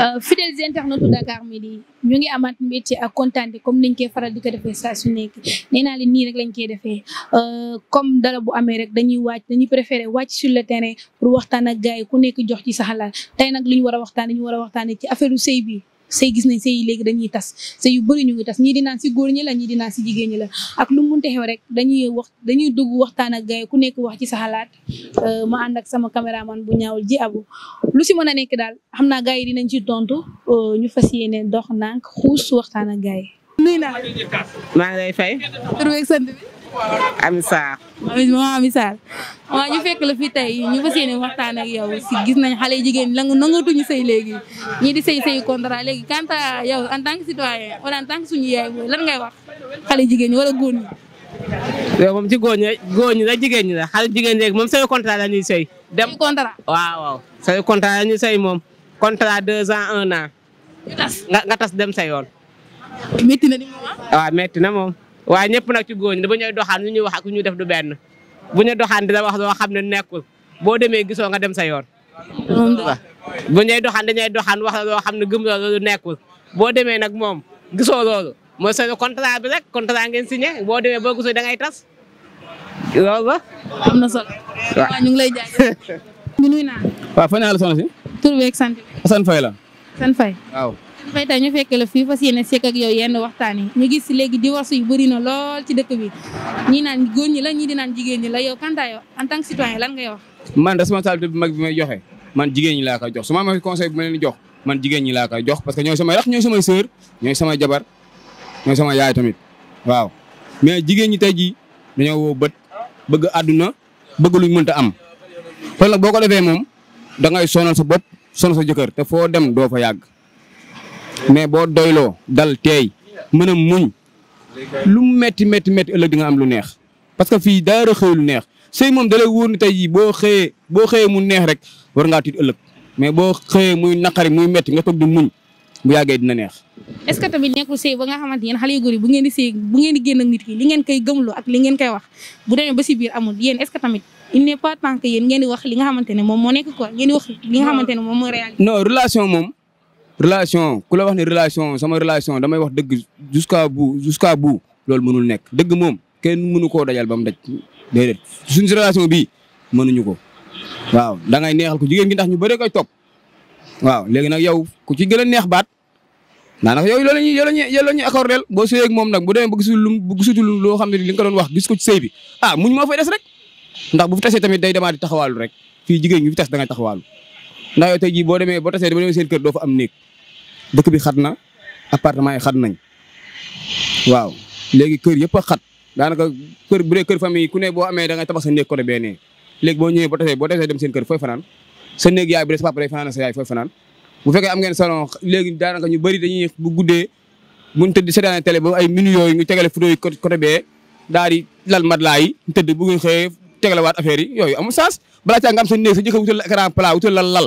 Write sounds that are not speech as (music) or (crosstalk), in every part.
Euh, fidèles internautes Dakar Midi ñu ngi amaat mbégte ak kontaante comme niñ koy faral di ko defee saa su nekk nee naa leen nii rek lañ koy defee euh, comme dara bu amee rek dañuy wàcc dañuy préféré wàcc sur le terrain pour waxtaan a gars ku nekk jox ci sa xalaat tey nag li ñu war a waxtaanee ñu war a waxtaanee ci affaire u sëy bi. sëy gis nañ sëy yi léegi dañuy tas sëy yu bëri ñu ngi tas ñii di naan si góor ñi la ñii di naan si jigéen ñi la ak lu mu munte xew rek dañuy wax dañuy dugg waxtaan ak gars yi ku nekk wax ci sa xalaat euh, ma ànd ak sama caméraman bu ñaawul ji abu lu si mën a nekk daal xam naa gars yi dinañ ci tontu euh, ñu fas yéene dox nànk xuus waxtaan ak gaay yi. maa ngi fay. Amy Sarr. maman Amy ñu fekk la fii tey ñu fas yéene waxtaan ak yow si gis nañ xale jigéen ñi nangatuñu say léegi ñii di sëy sëy contra léegi quant à yow en tan que citoyen wala en tant que suñu yaay mooy lan ngay wax xale jigéen ñi wala góor ñi. moom ci góor ñi góor ñi la jigéen ñi la xale jigéen ñi moom sëy contrat dem contrat waaw waaw sëy contrat la moom contrat deux ans un an. nga tas nga tas dem sa yoon. métti ni moom ah. waaw na moom. waaye ñëpp nag ci góor ñi bu ñuy doxaan ñu ñuy wax ak ñuy def du benn bu ñu doxaan dina wax loo xam ne nekkul boo demee gisoo nga dem sa yoon. bu ñuy doxaan dañuy doxaan wax loo xam ne gëm la loolu nekkul boo demee nag moom gisoo loolu moo seen contrat bi rek contrat ngeen signé boo demee boo gisoo da ngay tas loolu la. am na solo. ñu ngi lay jaajëfal. (laughs) ñu naa. waaw fan la soxna si. tur beeg sant bi. Assane Faye la. Assane Faye waaw. fay tey ñu fekk la fii fas yéene sekk ak yow yenn waxtaan yi ñu gis léegi divorce yu bëri na lool ci dëkk bi ñii naan góor ñi la ñii di naan jigéen ñi la yow kanta yow en tant que citoyen lan ngay wax man responsabilité bi mag bi may joxe man jigéen ñi laa koy jox su ma amee conseil bi ma leen jox man jigéen ñi laa koy jox parce que ñooy samay rax ñooy samay sœur ñooy sama jabar ñooy sama yaay tamit waaw mais jigéen ñi tey jii dañoo woo bët bëgg àdduna bëgg luñ mënta am loolu nag boo ko defee moom da ngay sonal sa bopp sonal sa jëkkër te foo dem doo fa yàgg mais boo doyloo dal teey mën a muñ lu mu métti métti métti ëllëg di nga am lu neex parce fi fii daara xëy lu neex sëy moom dalay wóor ni tey jii boo xëyee boo xëyee mu neex rek war ngaa tiit ëllëg mais boo xëyee muy naqari muy métti nga toog di muñ bu yàggee dina neex. est-ce que tamit nekkul sëy ba nga xamante yéen xale yu góor bu ngeen di sëy bu ngeen di génn ak nit li ngeen koy gëmloo ak li ngeen koy wax bu demee ba si amul yéen est tamit il pas tant que yéen wax li nga xamante ne moom moo nekk quoi nga xamante ne moom moom relation ku la wax ne relation sama relation damay wax dëgg bu bout jusqu'à bu loolu mënul nekk dëgg moom kenn mënu koo dajal ba mu daj déedéet suñ si relation bii mënuñu ko waaw da ngay neexal ko jigéen gi ndax ñu bëri koy topp waaw léegi nag yaw ku ci gën a neex baat daanaka yow loolu la ñuy loolu la ñuy loolu la ñuy boo sëyee moom nag bu demee ba gisul lu bu loo xam ne li nga ko doon wax gis ko ci sëy ah muñ moo fay des rek ndax bu fi tasee tamit day demaat di taxawaalu rek fii jigéen ñi fi tas da ngay taxawaalu ndax yow tey boo demee boo tasee doo fa am dëkk bi xat na appartement yi xat nañ waaw léegi kër yëpp a xat daanaka kër bu dee kër famille ku ne boo amee da ngay tabax sa néeg côté bee nee léegi boo ñëwee boo defee boo defee dem seen kër fooy fanaan sa néeg yaay bu dee sa papa day fanaan sa yaay fooy bu fekkee am ñu tëdd seetaan ay minutes yooyu ñu tegale photo yi côté bee daal di lal matelas yi tëdd bu ngeen xëyee tegalewaat affaire yi yooyu amul sens balaa caa am sa néeg sa jëkkër wutal écran plat wutal lal lal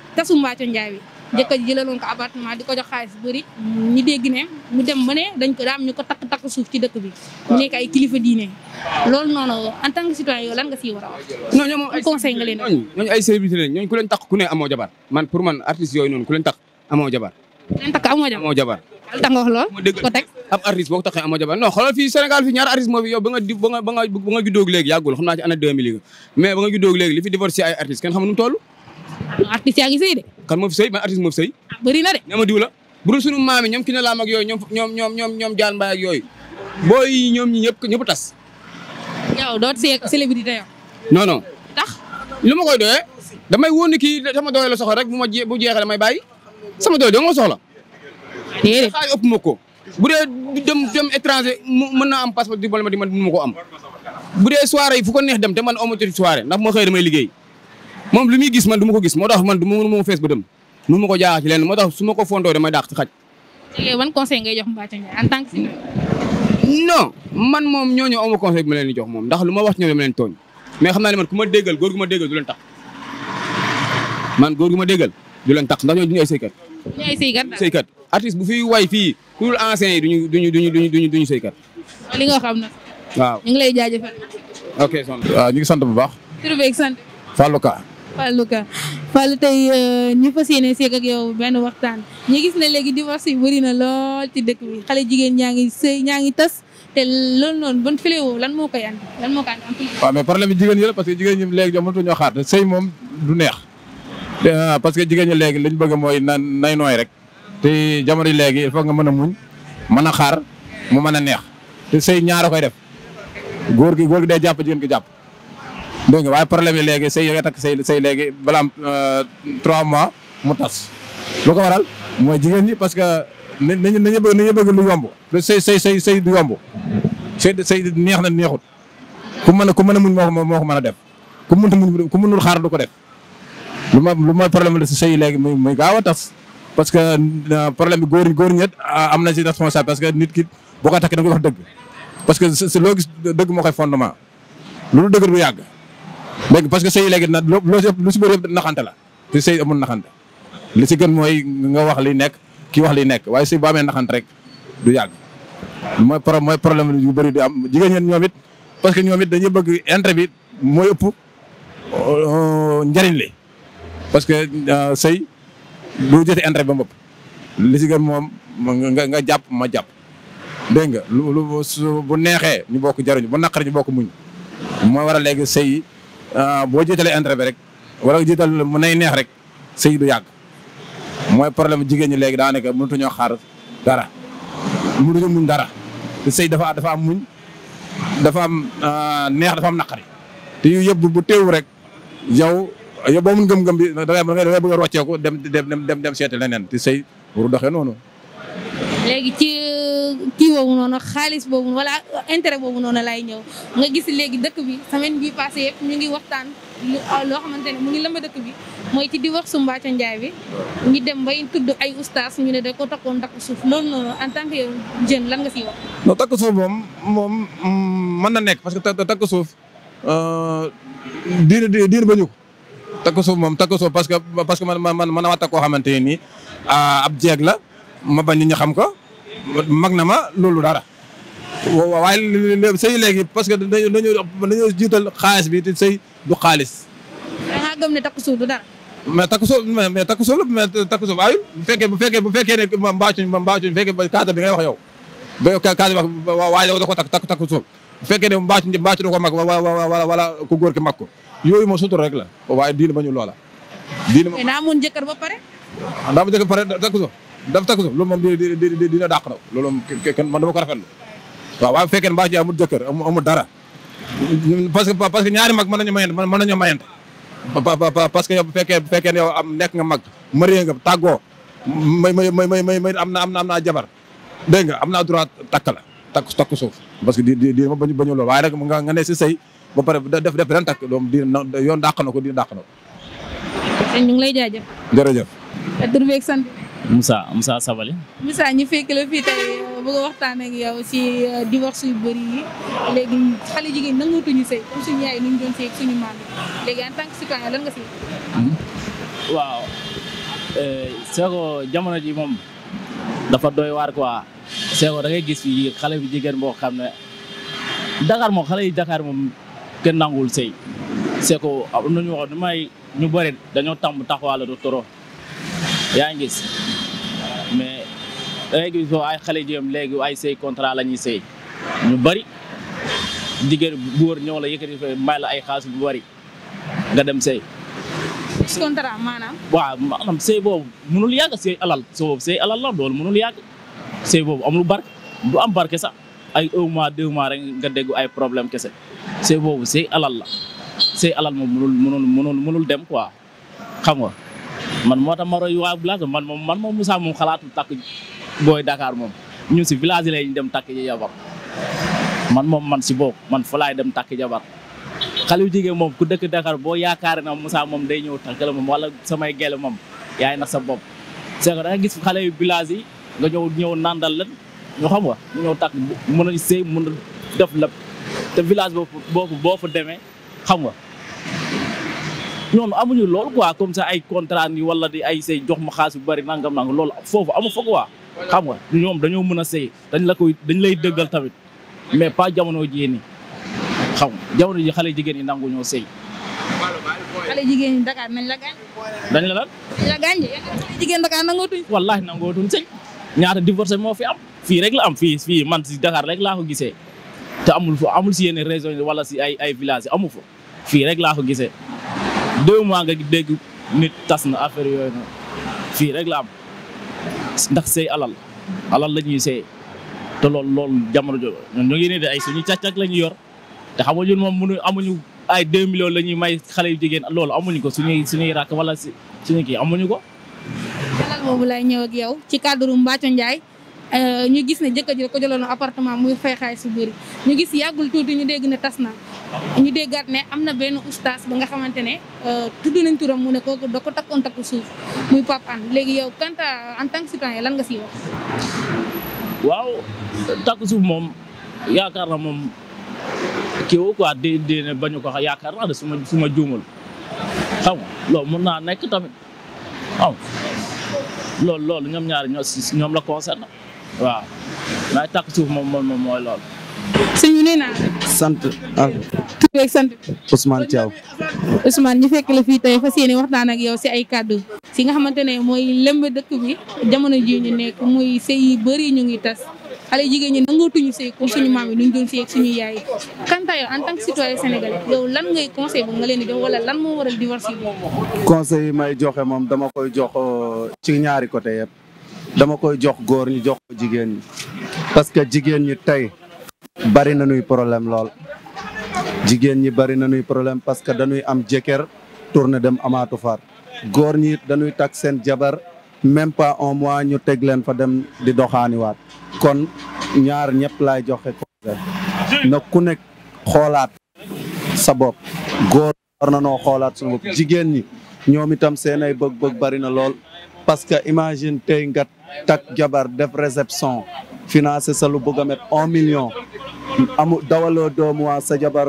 tasum mbaaco njaay bi jëkkër ji jëlaloon ko appartement di ko jox ñu ko daam ñu ko takk takk suuf ci dëkk bi mu nekk ay kilifa diine loolu noonu en tant que lan nga siy war a wax ñooñu moom ay conseil ñooñu ay takk ku ne man pour man artiste yooyu noonu ku takk amoo jabar takk amoo jabar amoo ko teg ab artiste boo ko taxee amoo jabar non xoolal fii Sénégal fii ñaari moo ba nga ba nga ba nga xam naa ci année mais ba nga juddóog artiste yaa ngi moo fi ah, na la bu ki ne laam ak yooyu ñoom ñoom ñoom ñoom ñoom jaan mbaay ak yooyu booy yi ñoom ñi ñëpp ñëpp doo see tax lu ma koy doyee damay wóor kii sama doole la soxla rek bu ma bu jeexee damay bàyyi sama doole doo soxla xaay ëpp bu dee dem dem étranger mën naa am passeport di bol man mënu ma ko am bu dee soirée yi fu ko neex dem te man amatoo soirée ndax moo xëy damay liggéey moom li muy gis man du ma ko gis moo tax man du ma mënu ma fees ba dem mënu ma ko jaaxal ci lenn moo tax su ma ko fondoo damay dàq ci xaj. léegi wan conseil ngay jox Mbathio Ndiaye en tant que man moom ñooñu aw ma conseil bi ma leen di jox moom ndax lu ma wax ci ñoom dama leen tooñ mais xam naa ne man ku ma déggal góor gu ma déggal du leen tax man góor gu ma déggal du leen tax ndax ñooñu duñu ay sëykat. duñu ay sëykat sëykat artiste bu fi way fii ku dul ancien yi du ñu duñu duñu duñu duñu sëykat. li nga xam na. waaw ñu ngi lay jaajëfal. ok sant. waaw ngi sant bu baax. tur beeg Fallou Ka Fallou tey euh, ñu fas yéene seeg ak yow benn waxtaan ñu gis ne léegi divorce yi bëri na lool ci dëkk bi xale jigéen ñaa ngi sëy ñaa ngi tas te loolu noonu ban fléau lan moo koy andi lan moo koy andi. waaw mais problème jigéen ñi la parce que jigéen ñi léegi ñoom mënatuñoo xaar sëy moom du neex euh, parce que jigéen ñi léegi lañ bëgg mooy na nay nooy rek te jamono yi léegi il nga mën a muñ mën a xaar mu mën a neex te sëy ñaara koy def góor gi góor gi jàpp jigéen gi jàpp. dégg nga waaye problème yi léegi sëy yooyu takk say sëy léegi balaa euh, trois mois mu tas lu ko waral mooy jigéen ñi parce que nañu nañu bëgg nañu bëgg lu yomb sëy sëy sëy sëy du yomb sëy sëy neex na neexut ku mën a ku mën a muñ moo moo ko mën a def ku mënta muñ ku mënul xaar ko def lu lu mooy problème la si sëy léegi muy gaaw a tas parce que euh, problème bi góor góor ñett euh, am na si responsable parce que nit ki boo ko takk da nga wax dëgg parce que loo gis dëgg moo koy fondement loolu dëgg du yàgg dégg parce que sëy léegi nag loo lu si bëri yëpp naxante la te sëy amul naxante li si gën mooy nga wax li nekk ki wax li nekk waaye sëy bu amee naxante rek du yàgg mooy pro mooy problème yu bëri di am jigéen ñeen ñoom it parce que ñoom it dañuy bëgg intérêt bi mooy ëpp euh, njëriñ li parce que euh, sëy du jëti entre ba bopp li si gën moom nga nga jàpp ma jàpp dégg nga lu bu neexee ñu bokk jariñu bu naqar ñu bokk muñ moo war a léegi sëy Euh, boo jiitalee intérêt bi rek wala nga jiital mu nay neex rek sëy du yàgg mooy problème jigéen ñi léegi daanaka mënatuñoo xaar dara mënuñu muñ dara te sëy dafa dafa am muñ dafa am euh, neex dafa am naqari te yu yëpp bu teew rek yow yow boo mun gëm-gëm bi da ngay da ngay bëgg a rocceeku dem dem dem dem seeti leneen te sey waru doxee noonu. kii boobu noonu xaalis boobu wala intérêt boobu noonu laay ñëw nga gis léegi dëkk bi semaine bi passé ñu ngi waxtaan loo xamante ne mu ngi lëmba dëkk bi mooy ci di wax su Mbathio Ndiaye bi ñu dem bay tudd ay ustaas ñu ne da ko takkoon takk suuf loolu noonu en tant que yow jeune lan nga siy wax. non takk suuf moom moom mën na nekk parce que takk suuf diir diir ba ñu ko takk suuf moom takk suuf parce que parce que man man man a wax koo xamante ne nii ab jeeg la ma bañ ñu xam ko. mag na ma loolu dara. waaye sëy léegi parce que dañu dañoo jiital xaalis bi te sëy du xaalis. da ngaa gëm ne takku suuf du dara. mais takku suuf mais takku suuf mais takku suuf ayul bu fekkee bu fekkee bu fekkee ne mbaacuñ mbaacuñ bu fekkee kaata bi ngay wax yow. ba kaata wax waaye da ko takk takku suuf bu fekkee ne mbaacuñ mbaacu da ko mag wala wala ku góor ki mag ko yooyu moom sutur rek la waaye diin ma ñu loola. diin ma mais daa amoon jëkkër ba pare. daa amoon jëkkër ba pare takku suuf. daf takk suuf loolu moom di dina moom kenn ko rafetlu waaw waaye bu fekkee mbaa ji amul jëkkër amul dara parce ñaari mag mën nañu mayante mën nañu mayante parce que yow bu fekkee bu fekkee ne yow am nekk nga mag marié nga tàggoo may may may may am na am na am naa jabar dégg nga am naa droit takk la takk takk suuf parce que di di di ma bañ bañu loolu waaye rek nga nga ne si sëy ba pare def def ren takk doom di yoon dàq na ko di dàq na ko. ñu ngi lay jaajëf. jërëjëf. tur beeg Moussa Moussa Sabali. Moussa ñu fekk la fii tey bëgg a waxtaan ak yow si euh, divorce yu bëri yi léegi xale jigéen nangatuñu sëy comme suñu maam léegi en tant si. Hmm? waaw euh, Seko jamono ji moom dafa doy waar quoi Seko da ngay gis fii xale bi jigéen boo xam ne Dakar moom xale yi Dakar moom kenn nanguwul sëy Seko am na ñu waxoon ni may ñu bëri dañoo tàmm taxawaalu du toro yaa ngi mais léegi soo ay xale jëm léegi ay sëy contrat la ñuy sey ñu bari jigéen góor ñëw la yëkkati fa may la ay xaas bu bari nga dem sey contrat maanaam. waaw maanaam sëy boobu mënul yàgg sey alal sëy boobu sëy alal la loolu mënul yàgg sëy boobu amul barke du am barke sax ay un mois deux mois rek nga dégg ay problème kese sëy boobu sëy alal la sëy alal moom mënul mënul mënul mënul dem quoi xam nga. man moo tax ma roy waa village man moom man moom Moussa moom xalaatu takk booy dakaar moom ñu si village yi ñu dem takk ji jabar man moom man si boobu man fa dem takk jabar xale yu jigéen moom ku dëkk Dakar boo yaakaare na Moussa moom day ñëw takk la moom wala samay gelle moom yaay na sa bopp. c'est que da gis xale yu village yi nga ñëw ñëw nandal leen ñu xam nga ñu ñëw takk mën a sëy mën a def lépp te village boobu boo fa demee xam nga. ñoom amuñu lool quoi comme ça ay contrat ni wala de ay sey jox ma xaas bu bëri nangam nangam loolu foofu amu fa wa xam nga ñoom dañoo mën a sey dañ la koy dañ lay dëggal tamit mais pas jamono jii nii xam nga jamono ji xale jigéen ñi ñoo sëy. xale jigéen ñi Dakar nañ la gaañ. dañ la lan. dañ la gaañ xale jigéen Dakar nangootuñ. wallaahi nangootuñ sëy ñaata divorce moo fi am fii rek la am fii fii man si Dakar rek laa ko gisee te amul fa amul si yenn région wala si ay ay village amul fa fii rek laa ko gisee. deux mois nga dégg nit tas na affaire yooyu rek la ndax sëy alal alal la ñuy sëy te loolu loolu jamono jo ñun ñu de ay suñu càq la ñuy yor te xam nga ñun moom mënu amuñu ay deux millions la ñuy may xale yu jigéen loolu amuñu ko suñuy suñuy rakk wala suñu kii amuñu ko. alal boobu lay ñëw ak yow ci cadre Mbathio Ndiaye euh, ñu gis ne jëkkër ji ko jëloon appartement muy fay xaalis bu ñu gis yàggul tuuti ñu dégg ne tas na ñu déggaat ne am na benn ustaas ba nga xamante ne euh, tudd nañ turam mu ne ko da ko takkoon takku suuf muy Pape Hann léegi yow kanta en tan que citoyen lan nga siy waaw takk suuf moom yaakaar na moom kii woo quoi di di ne bañu ko yaakaar naa de su ma xam nga mun naa nekk tamit xam loolu ñoom ñaari ñoo si ñoom la concerné waaw waaye takk suuf moom moom mooy lool sëñ bi nee naa sant ak. Ah. tur beeg sant. Ousmane Thiaw. Ousmane ñu fekk la fii tey fas yéene waxtaan ak yow si ay kàddu. si nga xamante ne mooy lëmb dëkk bi jamono ji ñu nekk muy sëy yu bëri ñu ngi tas xale jigéen ñi nangootuñu sëy comme suñu maam yi luñ doon suñu yaay yi. Kanta yow en tant que citoyen sénégalais yow lan ngay conseil bu nga leen di jox wala lan moo waral divorce yi. conseil yi may joxe moom dama koy jox euh, ci ñaari côté yëpp dama koy jox góor ñu jox ko jigéen ñi que jigéen ñi tey. bari na ñuy problème lool jigéen ñi bari na ñuy problème parce que dañuy am jëkkër tourné dem amaatu far góor ñiit dañuy takk seen jabar même pas un mois ñu teg leen fa dem di doxaaniwaat kon ñaar ñëpp laay joxe na ku nekk xoolaat sa bop góor war na noo xoolaat suñu bopp jigéen ñi ñoom itam seen ay bëgg-bëgg na lool parce que imagine tey ngat tak jabar def réception financé salu lu un million amu dawaloo doomu waa sa jabar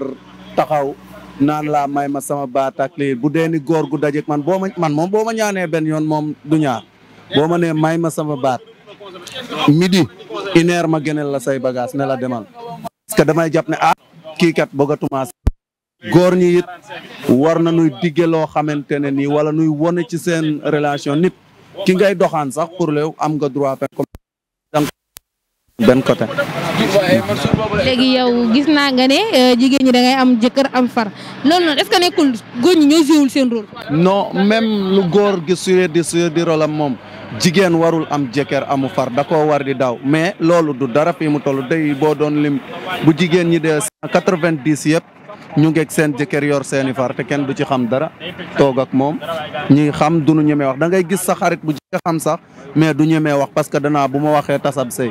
taxaw naan laa may ma sama baat ak lii bu dee ni góor gu dajeeg man boo ma man moom boo ma ñaanee benn yoon moom du ñaar boo ma nee may ma sama baat midi une ma gënal la say bagage ne la demal parce que damay jàpp ne ah kiikat kat bëgg a ñi it war na nuy digge loo xamante ne nii wala nuy wone ci seen relation nit ki ngay doxaan sax pour lew am nga droit comme benn côté. léegi yow gis naa nga ne euh, jigéen ñi dangay am jëkkër am far loolu noonu est-ce que nekkul góor ñi ñoo joué seen rôle. non même lu góor gi suyee di suyee di rôle moom jigéen warul am jëkkër amu far da koo war di daw mais loolu du dara fi mu toll day boo doon lim bu jigéen ñi de cent quatre-vingt-dix yëpp. ñu ngeeg seen jëkkër yor seeni i far te kenn du ci xam dara toog ak moom ñi xam du ñu ñemee wax da ngay gis sa xarit bu jëkk xam sax mais du ñemee wax parce que danaa bu ma waxee tasab sey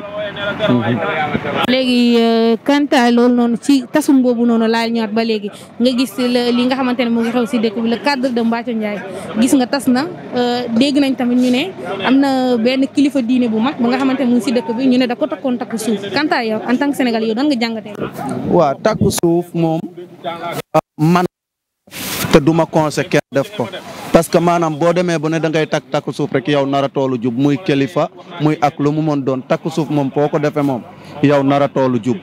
léegi euh, kanta loolu noonu ci tasum boobu noonu laa ñëwaat ba léegi nga gis li nga xamante ne mu ngi xew si dëkk bi la cadre de Mbathio Ndiaye gis nga tas na euh, dégg nañ tamit ñu ne am na benn kilifa diine bu mag ba nga xamante ne mu ngi si dëkk bi ñu ne da ko takkoon takku suuf kanta yow en tant que sénégalais yow nga jàngatee waaw takku suuf moom ah, man te du ma conseil def ko parce que maanaam boo demee bu ne da ngay tak takk suuf rek yow nar a toolu jub muy kilifa muy ak lu mu mën doon takk suuf moom foo ko defee moom yow nar a toolu jub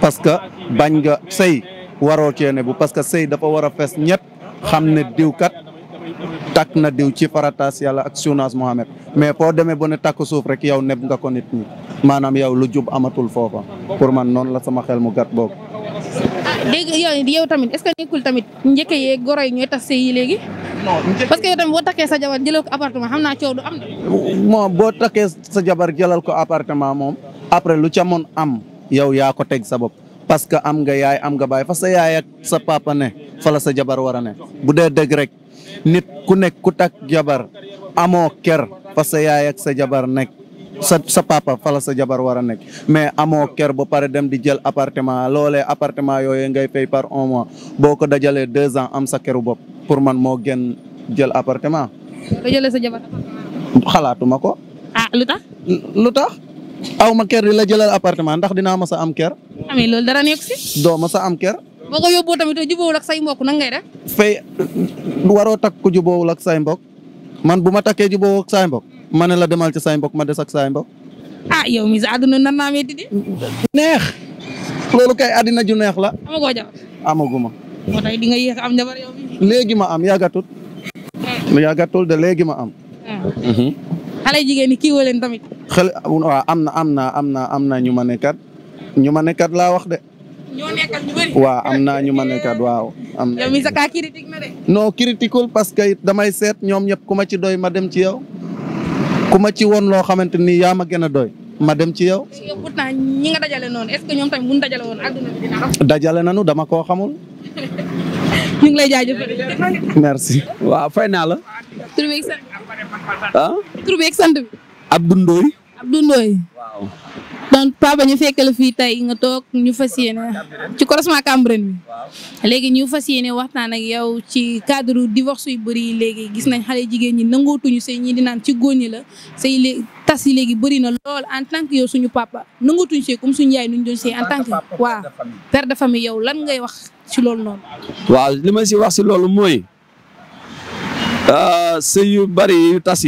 parce que bañ nga sey waroo cee ne bu parce que sey dafa war a fees ñett xam ne diw kat tak na diw ci farataas yàlla ak sunaas Mohamed mais foo demee bu ne takk suuf rek yow neb nga ko nit ñi maanaam yow lu jub amatul foofa pour man noonu la sama xel mu gàtt boobu. dégg yow tamit est-ce que tamit njëkk yeeg goro yi ñooy tas sëy léegi. parce que yow tamit boo takkee sa jabar jëlal ko appartement naa coow du am. moom boo takkee sa jabar jëlal ko appartement moom. après lu ca am yow yaa ko teg sa bopp parce que am nga yaay am nga baay fa sa yaay sa papa ne fa la sa jabar war a ne bu dee dëgg rek nit ku nekk ku tak jabar amoo ker fa sa yaay ak sa jabar nekk. sa sa papa fala sa jabar war a nekk mais amoo kër ba pare dem di jël appartement loole appartement yooyu ngay fay par un mois boo ko dajalee deux ans am sa keru bopp pour man moo gën jël appartement. nga sa jabar xalaatuma ko. ah lu tax. aw ma ker di la jëlal appartement ndax dinaa ma am kër. amee ah, loolu dara ma sa am ker boo ko yóbboo tamit jubóowul ak say mbokk nan ngay def. fay waroo takk ku jubóowul ak say mbokk man bu ma takkee jubóowul ak say mbokk. ma ne la demal ci say mbokk ma desak ak say mbokk. ah yow mii sa àdduna nan naa metti di. neex loolu kay àddina ju neex la. amagoo jabar amaguma. nga yéex am jabar yow léegi ma am yàggatul. Eh. yàggatul de léegi ma am. Eh. Mhm. xale jigéen ñi kii leen tamit. xel waaw am na am na am na am na ñu ma nekkat ñu ma nekkat laa wax de. ñoo nekkal ñu bëri. waaw am naa ñu ma nekkat waaw. am na yow mii sa parce que damay seet ñoom ñëpp ku ma ci doy ma dem ci yow. ku ma ci woon loo xamante ni yaa ma gën a doy ma dem ci yow. yow pourtant ñi nga dajale noonu est que ñoom tamit bu dajale woon (laughs) dajale nañu dama koo xamul. ñu ngi lay jaajëfal. merci. waaw fay naa la. tur beeg sant. ah. tur beeg bi. Abdou Ndoye. papa ñu fekk la fii tey nga toog ñu fas yéene ci croisement Cambérène bi léegi ñu fas yéene waxtaan ak yow ci cadre divorce yu bëri yi léegi gis nañ xale jigéen ñi nangootuñu sëy ñi di naan ci góor ñi la sëy léegi tas yi léegi bari na lool en tant que yow suñu papa nangootuñu sëy comme suñu yaay nuñ doon sëy en tant que waaw père de famille yow lan ngay wax si loolu noonu waaw li ma si wax si loolu mooy euh, sëy yu bëri yu tas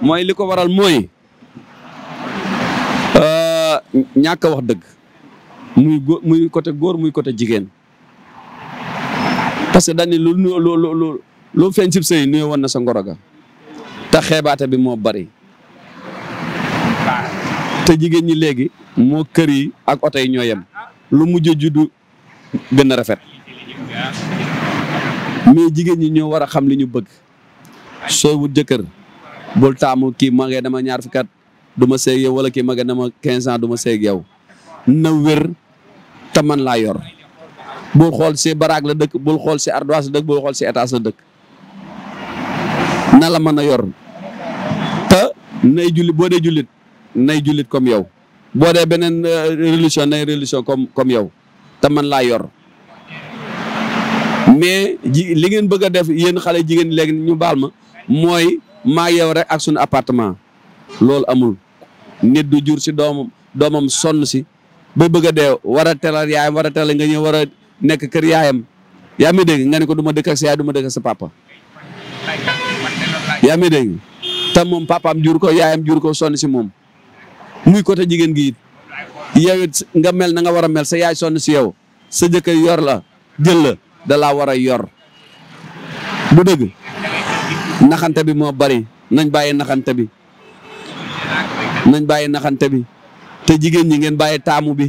mooy li ko waral mooy ñàkk a wax dëgg muy góor muy côté góor muy côté jigéen parce que dañ ne lu lu lu lu feeñ cib sëy nuyoo woon na sa ngoro ga te xeebaate bi moo bari te jigéen ñi léegi moo kër yi ak oto yi ñoo yem lu mujj juddu gën a rafet mais jigéen ñi ñoo war a xam li ñu bëgg sooy wut jëkkër bul taamu kii ma ngee dama ñaar fukki at du ma seeg yow wala kii ma ne ma 15 ans du ma seeg na wér te man laa yor bul xool si baraag la dëkk bul xool si ardoise la dëkk bul xool si étage la dëkk mën a yor te nay jullit boo dee julit nay julit comme yow boo dee beneen euh, religion nay religion comme comme yow te man laa yor mais ji li ngeen bëgg a def yéen xale jigéen léegi ñu baal ma mooy maa yow rek ak sunu appartement loolu amul nit du jur si doomam doomam sonn si ba bëgg a dee war a telal yaayam war a telal nga ñëw war a nekk kër yaayam yaa ngi dégg nga ne ko du ma dëkk si sa yaay du sa papa. yaa ngi dégg te moom papaam jur ko yaayam jur ko sonn si moom muy côté jigéen gi it yow nga mel na nga war a mel sa yaay sonn si yow sa jëkkër yor la jël la da laa war a yor bu dëgg naxante bi moo bari nañ bàyyi naxante bi. nañ bàyyi naxante bi te jigéen ñi ngeen bàyyi taamu bi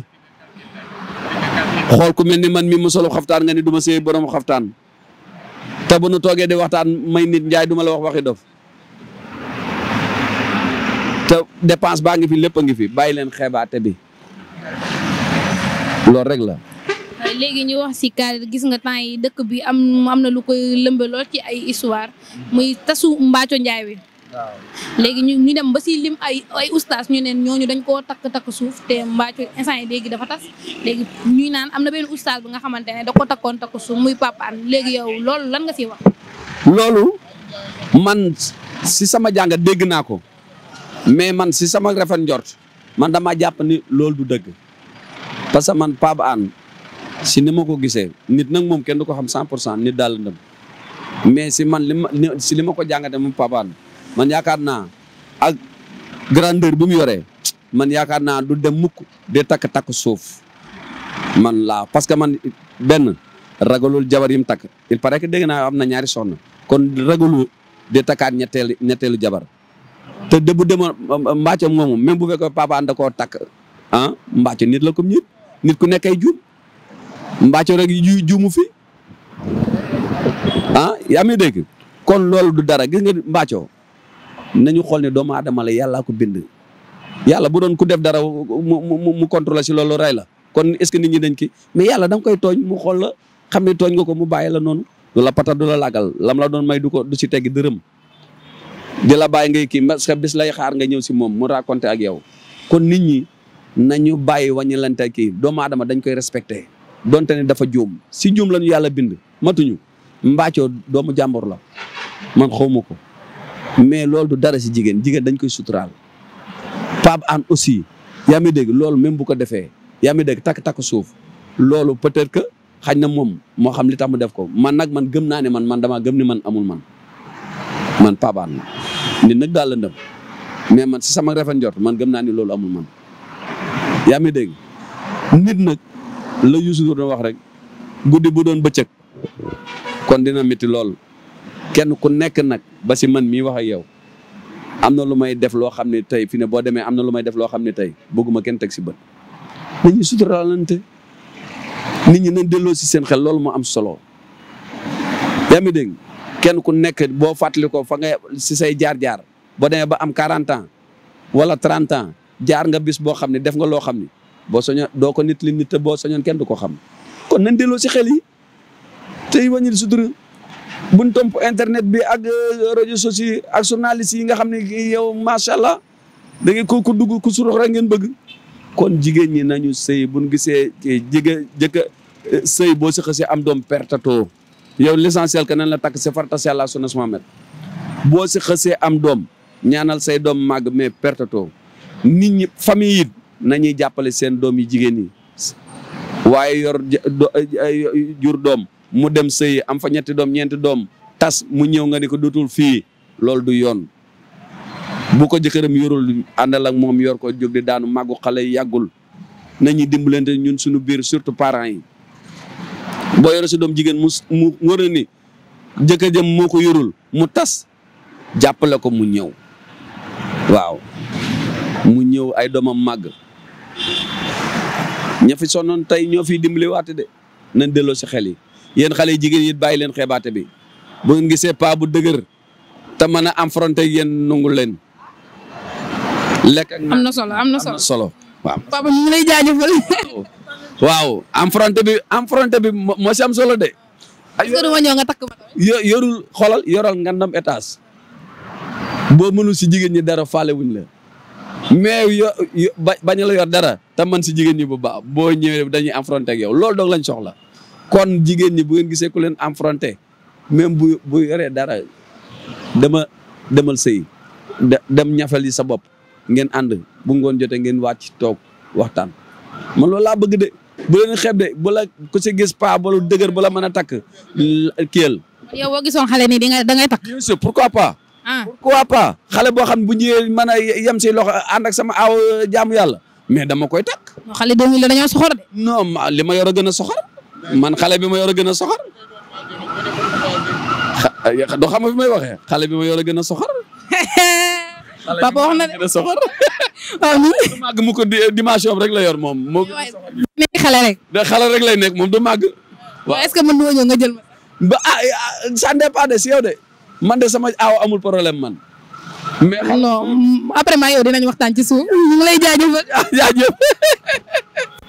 xool ku mel ni man mi mosolu xaftaan nga ni duma ma sëy borom xaftaan te bu nu toogee di waxtaan may nit njaay duma la wax waxi dof te dépense baa ngi fi lépp a ngi fi bàyyi leen xeebaate bi loolu rek la. léegi ñu wax si kaar gis nga temps yi dëkk bi am am na lu koy lëmbe lool ci ay histoire muy tasu mbaaco njaay wi léegi ñu ñu dem ba si lim ay ay ustaas ñu neen ñooñu dañ koo takk takk suuf te mbaacu instant yi léegi dafa tas léegi ñuy naan am na benn ustaas bi nga xamante ne da ko takkoon takk suuf muy an léegi yow loolu lan nga siy wax. loolu man si sama jàngat dëgg naa ko mais man si sama rafet njort man dama jàpp ni loolu du dëgg parce que man paab an si ni ma ko gisee nit nag moom kenn du ko xam 100 pour cent nit daal ndëm mais si man li ma si li ma ko jàngatee moom Pape Hann man yaakaar naa ak grandeur bi mu yore man yaakaar naa du dem mukk de takk-takk suuf man laa parce que man benn ragalul jabar yi mu takk il paraît que dégg naa am na ñaari soxna kon ragulu de takkaat ñetteelu ñetteelu jabar te de bu demoon euh, mbàcc moomu même bu fekkee papa da takk ah mbàcc nit la comme nit nit ku nekkay juum mbàcc rek yu juumu fi ah yaa ngi dégg kon loolu du dara gis nga mbàccoo nañu xool ne doomu aadama la yàllaa ko bind. yàlla bu doon ku def dara mu mu contrôler si loolu rey la kon est-ce que nit ñi dañ ki mais yàlla da koy tooñ mu xool la xam ne tooñ nga ko mu bàyyi la noonu. la pata du la laagal lam la doon may du ko du si teggi dërëm di la bàyyi ngay kii parce que lay xaar nga ñëw si moom mu raconté ak yow kon nit ñi nañu bàyyi wàññilante kii doomu aadama dañ koy respecté donte ne dafa juum si juum lañu yàlla bind matuñu mbàccoo doomu jàmbur la man xawma ko. mais loolu du dara si jigéen jigéen dañ koy suturaal Pape an aussi yaa ngi dégg loolu même bu ko defee yaa dégg takk-takk suuf loolu peut-être que xañ na moom moo xam li tax mu def ko man nag man gëm naa ne man man damaa gëm ni man amul man man Pape Hann la nit nag daal la ndëm mais man si sama rafet njort man gëm naa ni loolu amul man yaa dégg nit nag la Youssou doon wax rek guddi bu doon bëccëg kon dina métti lool. kenn ku nekk nag ba si man mii wax ak yow am na lu may def loo xam ne tey fi ne boo demee am na lu may def loo xam ne tey bëgguma kenn teg si bët nit ñi suturaalante nit ñi nañ delloo si seen xel loolu moo am solo yaa ngi dégg kenn ku nekk boo fàttali ko fa nga si say jaar-jaar boo demee ba am quarante ans wala 30 ans jaar nga bis boo xam ne def nga loo xam ne boo soñoon doo ko nit li nit boo soñoon kenn du ko xam kon nañ delloo xel yi tey wàññil sutura buñ tomp internet bi ak euh, réseaux sociaux ak journalistes yi nga xam ne yow macha allah da ngeen ko ku dugg ku surux rek ngeen bëgg kon jigéen ñi nañu sëy buñ gisee jigéen jëkk euh, sëy boo si xësee am doom pertatoo yow l'essentiel que nañ la takk si farta si àlla sunna Muhammad boo si xësee am doom ñaanal say doom màgg mais pertatoo nit ñi famille it nañuy jàppale seen doom yi jigéen ñi waaye yor jur doom mu dem sëyi am fa ñetti doom ñeenti doom tas mu ñëw nga ni ko dootul fii loolu du yoon bu ko jëkkëram yorul àndal ak moom yor ko jóg di daanu màggu xale yi yàggul nañuy dimbalante ñun suñu biir surtout parent yi boo yore si doom jigéen mu mu war a ni jëkkër jam moo ko yorul mu tas jàppale ko mu ñëw waaw mu ñëw ay doomam màgg ña fi sonnoon tey ñoo fiy dimbali waate de nañ delloo si xel yi yéen xale jigéen yi bàyyi leen xeebaate bi bu ngeen gisee paa bu dëgër te mën a affronter yéen nungul leen. lekk am na solo am na solo solo waaw. papa ñu ngi lay jaajëfal. (laughs) waaw affronter bi affronter bi moo si am solo de. nga takk ba. yorul xolal yoral ngandam étage boo mënul si jigéen ñi dara faale wuñ la mais yo bañ la yor dara te man si jigéen ñi bu baax boo ñëwee dañuy affronter yow loolu doog lañ soxla. kon jigéen ñi bu ngeen gisee ku leen affronté même bu bu yoree dara dama demal sëy dem ñafal yi sa bopp ngeen ànd bu ngoon jote ngeen wàcc toog waxtaan ma loolu laa bëgg de bu leen xeeb de bu la ku si gis paa ba lu dëgër ba la mën a takk kéel. yow boo gisoon xale ni di da ngay takk. Ah. pas. xale boo xam bu ñëwee mën a yem si loxo ànd ak sama aw jaamu yàlla mais dama koy tak xale doomu soxor de. non li ma yor a gën a soxor. man xale bi ma yor a gën a soxor do xam nga fi may waxee xale bi ma yor a gën a soxor. (laughs) papa wax na de gën a soxor. (laughs) waaw du màgg rek la yor moom. moo gën xale rek. xale lay nekk moom du màgg. waaw est-ce que mën nga ah, ah, de si de man de sama aaw amul problème man. mais xam après maa yow dinañ waxtaan ci suuf mu ngi lay jaajëfal (laughs) jaajëf.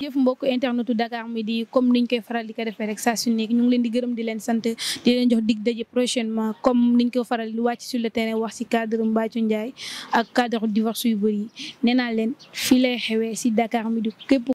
jëf mbokk internetu Dakar di comme niñ koy faral di ko defee rek saa su nekk ñu ngi leen di gërëm di leen sant di leen jox dig daje prochainement comme niñ ko faral di wàcc sur le terrain wax si cadre Mbathio Ndiaye ak cadre divorce yu bëri nee naa leen fii lay xewee si Dakar Midi képp.